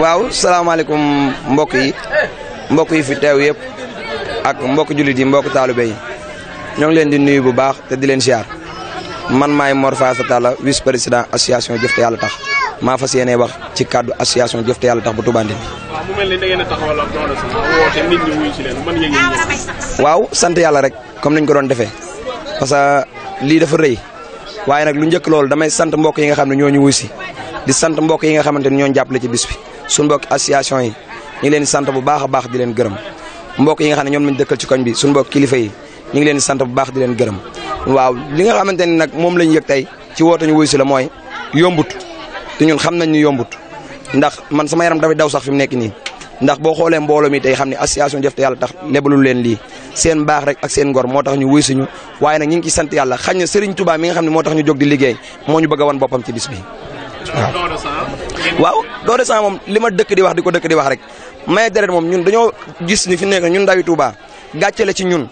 waaw salaamaaleykum mbokk yi mbokk yi fi teew yëpp ak mbokk julit yi mbokk taalibe yi ñoo ngi leen di nuyu bu baax te di leen siyaar man maay Mor Fassa Talla vice président association Jëf te Yàlla tax maa fas yéenee wax ci kàddu association Jëf te Yàlla tax bu Touba Ndine. mu mel ni da ngeen a taxawal ak doona sax woote nit ñi wuy ci leen man yëg ngeen waaw sant yàlla rek comme niñ ko doon defee parce que lii dafa rëy waaye nag lu njëkk loolu damay sant mbokk yi nga xam ne ñoo ñu wuy si di sant mbokk yi nga xamante ne ñoo jàppale ci bis bi. suñu mbokki association yi ñu leen di sant bu baax a baax di leen gërëm mbokk yi nga xam ne ñoom lañ dëkkal ci koñ bi suñu mbokk kilifa yi ñu ngi leen sant bu baax di gërëm waaw li nga xamante ne nag moom lañ yëg tey ci woote ñu wuy si la mooy yombut te ñun xam nañ ñu yombut ndax man sama yaram dafay daw sax fi mu nekk nii ndax boo xoolee mbooloo mi tey xam ne association Jëf te Yàlla tax lebalul leen lii seen baax rek ak seen ngor moo tax ñu wuy suñu waaye nag ñu ngi ci sant yàlla xañ na Serigne Touba mi nga xam ne moo tax ñu jóg di liggéey moo ñu bëgg a wan bi waaw doore sant moom li ma dëkk di wax di ko dëkk di wax rek maye deret moom ñun dañoo gis ni fi nekk ñun ndawi Touba gàcce la ci ñun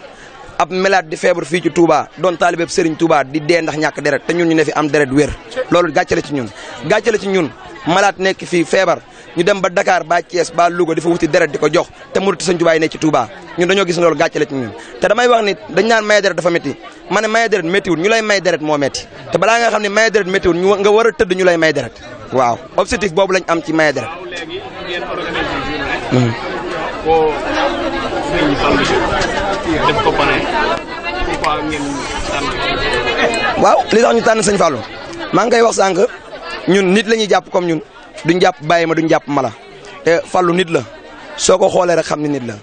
ab melaat di feebar fii ci Touba doon taalibeeb Serigne Touba di dee ndax ñàkk deret te ñun ñu ne fi am deret wér loolu gàcce la ci ñun gàcce la ci ñun malaat nekk fii feebar ñu dem ba Dakar ba Thiès ba Louga dafa wuti deret di ko jox te murit Sëñ Tuubaa yi nekk ñun dañoo gis ne loolu gàcce la ñun te damay wax ni dañ ñaan maye deret dafa métti ma ne maye ñu lay may deret moo métti te balaa nga xam ne maye deret méttiwul nga war a tëdd ñu lay may deret waaw objectif bobu lañ am ci maye dara hmm. waaw li tax ñu tan sëñ Fallou ma ngay wax sank ñun nit lañu japp comme ñun duñ japp bàyyi ma duñ japp mala te Fallou nit la soko xolé rek xamni nit la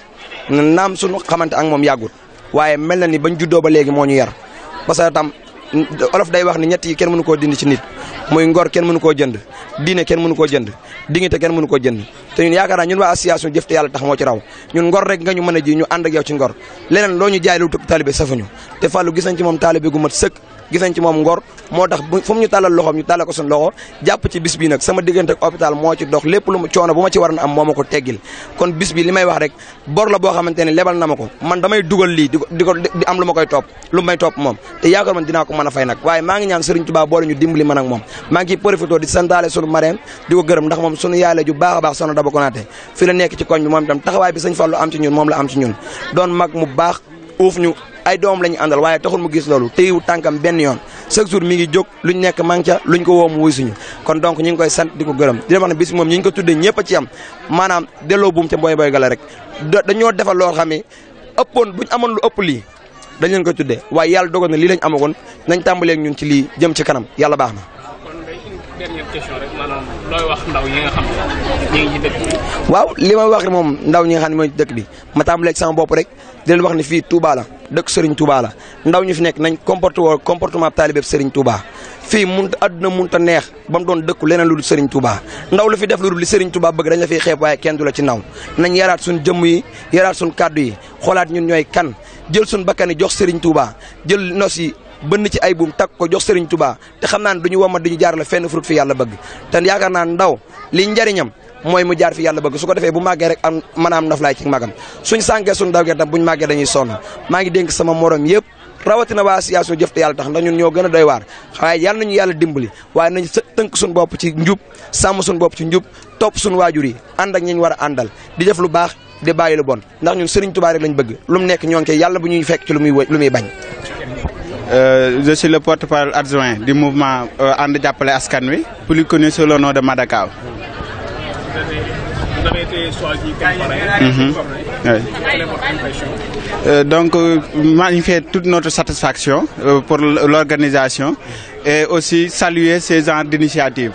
nam suñu xamanté ak mom yagut waye melni bañ juddo ba légui moñu yar parce que tam olof day wax ni ñett yi kenn mënu koo dind ci nit muy ngor kenn mënu koo jënd diine kenn mënu koo jënd dignité kenn mënu koo jënd te ñun yaakaar naa ñun waa association jëf te yàlla tax moo ci raw ñun ngor rek nga ñu mën a ji ñu ànd ak yow ci ngor leneen loo ñu jaay lu talibe safuñu te Fallou gis nañ ci moom talibe gu mat sëkk gis nañ ci moom ngor moo tax fu mu ñu tàllal loxoom ñu tàllal ko suñu loxo jàpp ci bis nag sama diggante ak moo ci dox lépp lu mu coono bu ma ci war na am moo ma ko teggil kon bis bi li na ma ko man damay dugal lii di ko di am lu ma koy topp lu may topp moom te yaakaar man dinaa ko mën a fay nag waaye maa ngi ñaan Serigne Touba boole ñu dimbali man ak moom maa ngi ciy di santaale sunu marraine di ko gërëm ndax moom sunu yaay la ju a baax sono daba ko naate fi la nekk ci ay doom la ñu àndal waaye taxul mu gis loolu tey tànkam benn yoon chaque jour mi ngi jóg luñ nekk maa ngi ca ko woo mu wuy suñu kon donc ñu ngi koy sant di ko gërëm di wax ne bis moom ñi ko tuddee ñëpp a am maanaam delloo buum ca boy boy rek dañoo defal loo xam ne ëppoon buñ amoon lu ëpp lii dañ ko tuddee waaye yàlla dogal na lii lañ amagoon nañ tàmbaleeg ñun ci lii jëm ci kanam yàlla baax na dernière question wax ne moom ndaw ñi nga xam ne mooy dëkk bi ma tàmbaleeg sama bopp rek di leen wax fii Touba la dëkk Serigne Touba la ndaw ñu fi nekk nañ comporte comportement taalibe Serigne Touba fii mun àdduna munta neex ba mu doon dëkku leneen lu dul Serigne Touba ndaw lu fi def lu dul li Serigne Touba bëgg dañ la fiy xeeb waaye kenn du la ci naw nañ yaraat suñ jëmm yi yaraat suñ kàddu yi xoolaat ñun ñooy kan jël suñ bakkan jox Serigne Touba jël nos yi bënn ci ay buum takk ko jox sëriñ Touba te xam naa ne du ñu wommat du ñu jaar la fenn furut fi yàlla bëgg te yaakaar naa ndaw li njariñam mooy mu jaar fi yàlla bëgg su ko defee bu màggee rek am mën a am noflaay ci magam suñ sànkee suñ daw tam buñ màggee dañuy sonn maa ngi dénk sama morom yëpp rawatina waa association jëf te yàlla tax ndax ñun ñoo gën a doy waar waaye yàlla nañu yàlla dimbali waaye nañ tënk suñu bopp ci njub sàmm suñu bopp ci njub topp suñu waajur yi ànd ak ñi ñu war a àndal di def lu baax di bàyyi lu bon ndax ñun Serigne Touba rek lañ bëgg lu mu nekk ñoo ngi koy yàlla bu ñuy fekk lu muy lu muy bañ. Euh, je suis le porte-parole adjoint du mouvement euh, ànd jàppale askan wi plus connu sous le nom de Madakaw vous donc, magnifier toute notre satisfaction euh, pour l'organisation et aussi saluer ces gens d'initiative.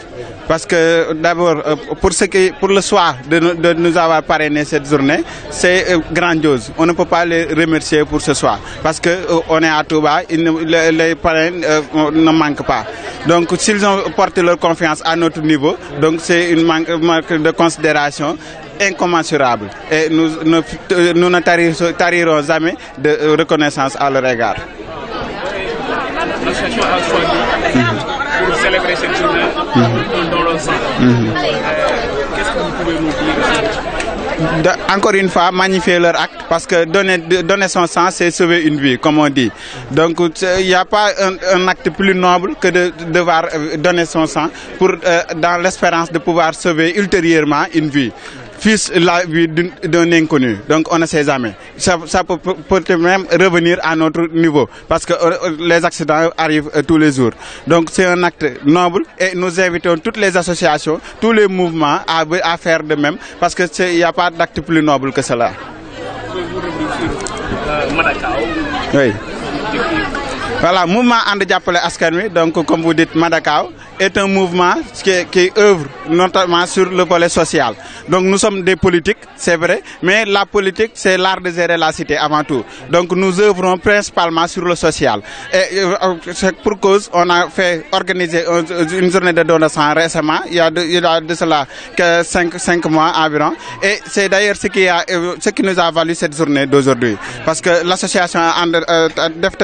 Parce que d'abord, euh, pour, ce qui, pour le soir de, nous avoir parrainé cette journée, c'est euh, grandiose. On ne peut pas les remercier pour ce soir. Parce qu'on euh, on est à Touba, les, les parrains ne manquent pas. Donc s'ils ont porté leur confiance à notre niveau, donc c'est une manque, de considération incommensurable. Et nous, nous, nous ne tarirons, jamais de reconnaissance à leur égard. célébrer cette mm-hmm. Encore une fois, magnifier leur acte parce que donner, son sang, c'est sauver une vie, comme on dit. Donc, il n'y a pas un, acte plus noble que de, devoir euh, donner son sang euh, dans l'espérance de pouvoir sauver ultérieurement une vie fils d'un inconnu. Donc on ne ses jamais. Ça, peut, même revenir à notre niveau parce que euh, euh, les accidents arrivent euh, tous les jours. Donc c'est un acte noble et nous invitons toutes les associations, tous les mouvements à, à faire de même parce qu'il n'y a pas d'acte plus noble que cela. Voilà, mouvement And Diapole Askanui, donc comme vous dites, Madakao est un mouvement qui, qui œuvre notamment sur le volet social. Donc nous sommes des politiques, c'est vrai, mais la politique, c'est l'art de gérer la cité avant tout. Donc nous œuvrons principalement sur le social. Et euh, pour cause, on a fait organiser une journée de dons de sang récemment, il y a de, cela que 5, mois environ. Et c'est d'ailleurs ce, qui euh, ce qui nous a valu cette journée d'aujourd'hui. Parce que l'association euh, Defte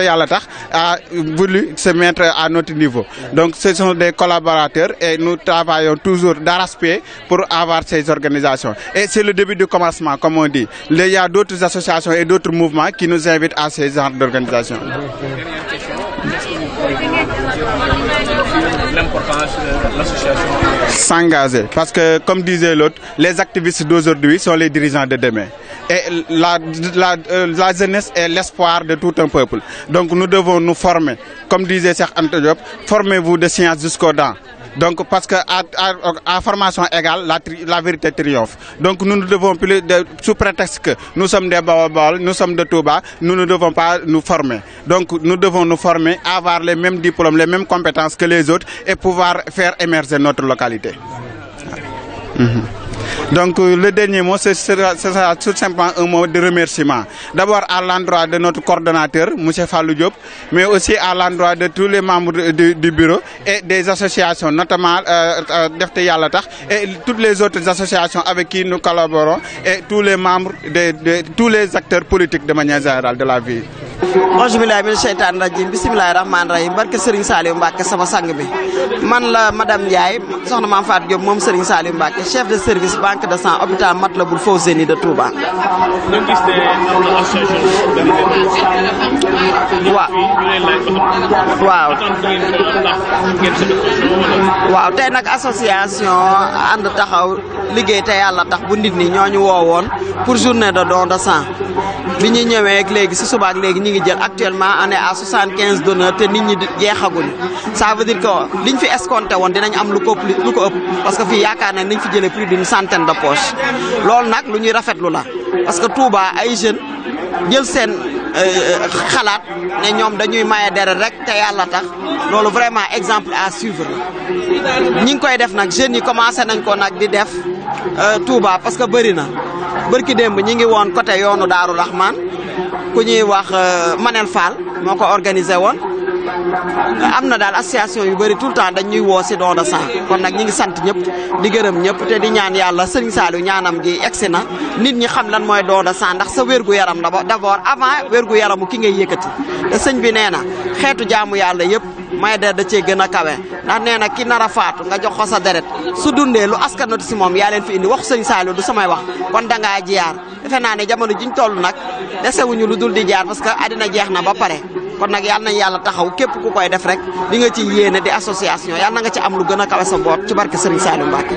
a voulu se mettre à notre niveau. Donc ce sont des collaborateurs et nous travaillons toujours d'aspect pour avoir ces organisations. Et c'est le début du commencement, comme on dit. Il y a d'autres associations et d'autres mouvements qui nous invitent à ces genres d'organisations. l'importance de l'association S'engager, parce que comme disait l'autre, les activistes d'aujourd'hui sont les dirigeants de demain. Et la, euh, jeunesse est l'espoir de tout un peuple. Donc nous devons nous former. Comme disait Cheikh Antojop, formez-vous de sciences jusqu'au dents. Donc, parce qu'à à, formation égale, la, vérité triomphe. Donc, nous ne devons plus, sous prétexte que nous sommes des baobaboles, nous sommes de Touba, nous ne devons pas nous former. Donc, nous devons nous former, avoir les mêmes diplômes, les mêmes compétences que les autres et pouvoir faire émerger notre localité. Mhm. Donc euh, le dernier mot, ce sera, tout simplement un mot de remerciement. D'abord à l'endroit de notre coordonnateur, M. Falou Diop, mais aussi à l'endroit de tous les membres du, bureau et des associations, notamment euh, euh, et toutes les autres associations avec qui nous collaborons et tous les membres, de, tous les acteurs politiques de manière générale de la ville. auzu billahi min seytaan rajim bisimilahi rahmaani rahim barke Serigne Saliou Mbacke sama sang bi man la madame Ndiaye soxna maam Fatou Diop moom chef de service banque de sang hôpital Matlaboul Fawzeyni de Touba. waaw waaw tey nag association ànd taxaw liggéey te yàlla tax bu nit ñi ñoo ñu woowoon pour journée de don de sang bi ñu ñëwee léegi si léegi ñi ngi jël actuellement on est à 75 donneurs té nit ñi jeexaguñ ça veut dire que liñ fi escompté won dinañ am lu ko plus lu ko ëpp parce que fi yaakaar nañ nañ fi jëlé plus d'une centaine de poches lool nak lu ñuy rafetlu la parce que Touba ay jeunes jël sen euh, xalaat ne ñoom dañuy maye dere rek te yalla tax loolu vraiment exemple à suivre ñi ngi koy def nak jeunes yi commencé nañ ko nak di def euh Touba parce que bari na barki demb ñi ngi won côté yoonu Daaru Rahman ku ñuy wax euh, Manel Fall moo ko organisé woon euh, am na daal association yu bëri tout le temps dañ ñuy woo si don de sang kon nag ñi ngi sant ñëpp di gërëm ñëpp te di ñaan yàlla sëriñ Saliou ñaanam gi egsi na nit ñi xam lan mooy don de sang ndax sa wérgu yaram la ba d' abord avant yaram u ki ngay yëkkati te sëñ bi nee na xeetu jaamu yàlla yëpp. may deret da cee gën a kawe ndax nee na ki nar a faatu nga jox ko sa deret su dundee lu askanatu si moom yaa leen fi indi wax sëñ Saliou du samay wax kon dangaa jiyaar defe naa ne jamono jiñ toll nag desewuñu lu dul di jaar parce que àddina jeex na ba pare kon nag yal nañ yàlla taxaw képp ku koy def rek li nga ci yéene di association yal na nga ci am lu gën a kawe sa boot ci barke Serigne Saliou Mbacke.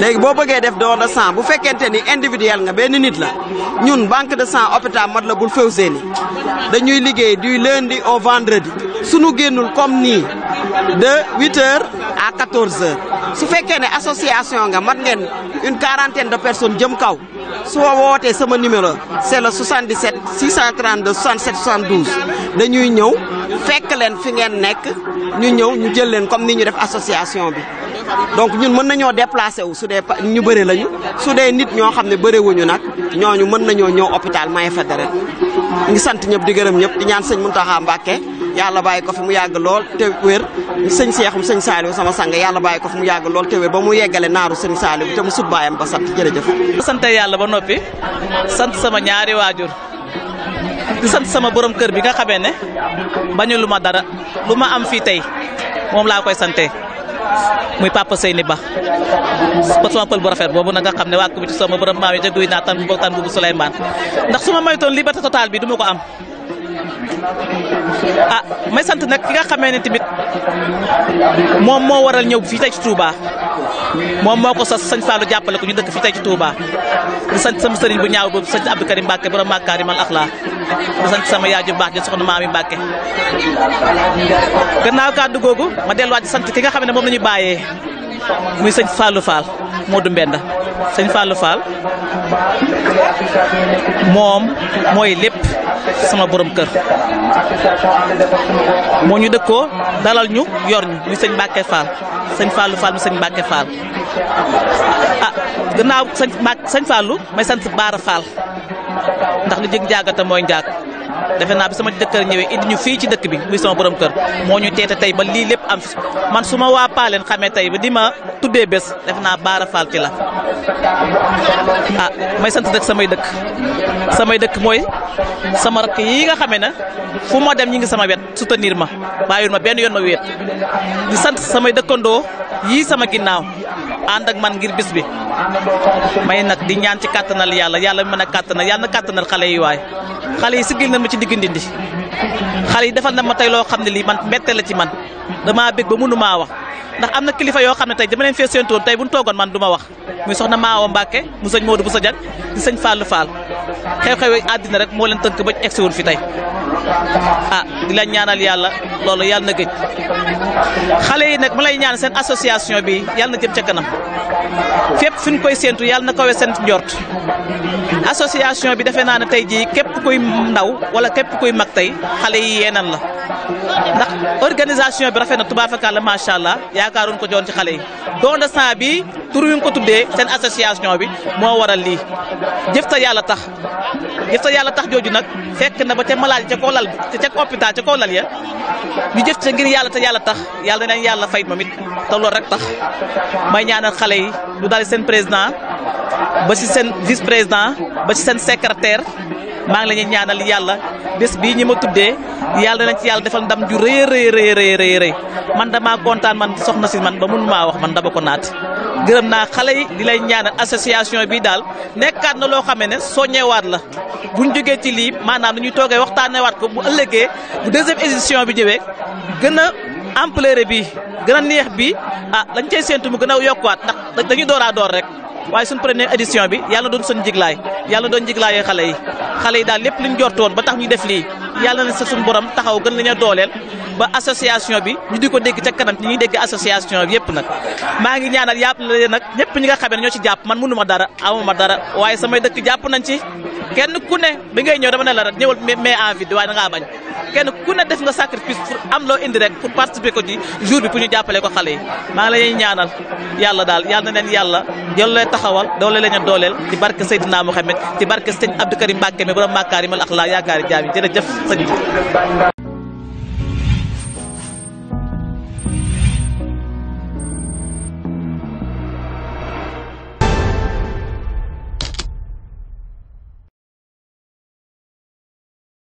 léegi boo bëggee def don de sang bu fekkente ni individuel nga benn nit la ñun banque de sang hôpital Matlaboul Fawzeyni dañuy liggéey du lundi au vendredi nu génnul comme nii de 8 heures à 14 su fekkee ne association nga mat ngeen une quarantaine de personnes jëm kaw. su wootee sama numéro c'est le 77 632 67 72 dañuy ñëw fekk leen fi ngeen nekk ñu ñëw ñu jël leen comme ni ñu def association bi donc ñun mën nañoo déplacé wu su dee ñu bëri lañu su dee nit ñoo xam ne bëri wuñu nag ñooñu mën nañoo ñëw hôpital maye fa deret ngi sant ñëpp di gërëm ñëpp di ñaan sëñ Mountakha Mbacké yàlla bàyyi ko fi mu yàgg lool te wér sëñ seexum sëñ saaliwu sama sang yàlla bàyyi ko fi mu yàgg lool te wér ba mu yeggale naaru sëñ saaliwu te mu sut baayam ba sant jërëjëf sant yàlla ba noppi sant sama ñaari waajur sama borom kër bi nga xamee ne bañu lu ma dara lu ma am fii tey moom laa koy sante muy papa Seyni Ba ba sama pël bu rafet boobu na nga xam ne waa ko sama borom maam yi jaguy naa tan bu tan bu Souleymane ndax su ma maytoon liberté totale bi du ma ko ah may sant nak ki nga xamee ne tamit moom waral ñew fi tay ci Touba mom moko sa sëñ fallu jappale ko ñu dëkk fi tay ci Touba di sant sama sëriñ bu ñaaw bu sëñ Abdou Karim Mbacke borom Makarimal Akhla di sant sama yaaju ju baax di soxna mami Mbacke gannaaw kàddu gogu ma delluwaat di sant ki nga xam mom lañu la muy sëñ fallu Fall Modou Mbenda sëñ fallu Fall mom moy lepp sama borom kër moo ñu dëkkoo dalal ñu yor ñu muy sëñ Mbacke Fall sëñ Fallou Fall mu sëñ Mbacke Fall ah gannaaw sëñ Mbacke sëñ Fallou may sant Baara Fall ndax li jëg njaagata mooy njaag defe naa bi sama jëkkër ñëwee indi ñu fii ci dëkk bi muy sama borom kër moo ñu teete tey ba lii lépp am man su ma waa paaleen xamee tey ba di ma tuddee bés defe naa baara faal ci la ah may sant dëkk samay dëkk samay dëkk mooy sama rëkk yi nga xamee ne fu ma dem ñi ngi sama wet soutenir ma bàyyiwul ma benn yoon ma wéet di sant samay dëkkandoo yii sama ginnaaw ànd ak man ngir bis bi may nag di ñaan ci kàttanal yàlla yàlla mën a kàttanal yàlla na kàttanal xale yi waay xale yi sigil na ma ci digg ndindi xale yi defal na ma tey loo xam ne lii man mbette la ci man damaa bég ba mënumaa wax ndax am na kilifa yoo xam ne tey dama leen fee séentoon tey bu ñu toogoon man du ma wax muy soxna Maawa Mbàkke mu sëñ Moodu bu sa jag di sëñ Fallou Fall xew-xewi àddina rek moo leen tënk ba egsi fi tey ah di la ñaanal yàlla loolu yàlla na gëj xale yi nag ma lay ñaan seen association bi yàlla na jëm ca kanam fépp fi ñu koy séentu yàlla na kawe seen njort association bi defe naa ne tey jii képp koy ndaw wala képp koy mag tey xale yi yeenan la ndax organisation bi rafet na tubaab fakàlla macha allah yaakaaroon ko joon ci xale yi don de sang bi tur wi ko tuddee seen association bi moo waral lii jëf ta yàlla tax ta yàlla tax jooju nag fekk na ba ca malaaj ca kaw lal ca ca kaw lal ya ñu jëf ca ngir yàlla te yàlla tax yàlla nañ yàlla fay ma mit te loolu rek tax may ñaanal xale yi lu daal seen président ba si seen vice président ba ci seen secrétaire maa ngi la ñuy ñaanal yàlla bés bii ñu ma tuddee yàlla nañ ci yàlla defal ndam ju rëy rëy rëy rëy rëy man damaa kontaan man soxna si man ba mun maa wax man daba ko naat gërëm naa xale yi di lay ñaanal association bii daal nekkaat na loo xamee ne soññewaat la bu buñ jógee ci lii maanaam dañuy toogee waxtaanewaat ko bu ëllëgee bu deuxième édition bi ñëwee gën a ampleur bi gën a neex bi ah lañ cay séentu mu gën a yokkuwaat ndax dañuy dooraa door rek waaye suñ première édition bi yàlla doon suñ jiglaay yàlla doon jiglaayee xale yi xale yi daal lépp luñ jortoon ba tax ñuy def lii yàlla na sa suñu borom taxaw gën lañu dooleel ba association bi ñu di ko dégg ca kanam ñi ngi dégg association bi yëpp nag maa ngi ñaanal yàpp la nag ñëpp ñi nga xamee ne ñoo ci jàpp man ma dara ma dara waaye samay dëkk jàpp nañ ci kenn ku ne bi ngay ñëw dama ne la rek ñëwal mais en vide waaye da ngaa bañ kenn ku ne def nga sacrifice pour am loo indi rek pour participer ko ci jour bi pour ñu jàppale ko xale yi maa ngi lay ñaanal yàlla daal yàlla na leen yàlla yàlla lay taxawal doole la ñu dooleel ci barke Seydina Mouhamed ci barke sëñ Abdou Karim Mbacke mi borom Makarimal Akhlaq yaakaari jaam yi jërëjëf sëñ bi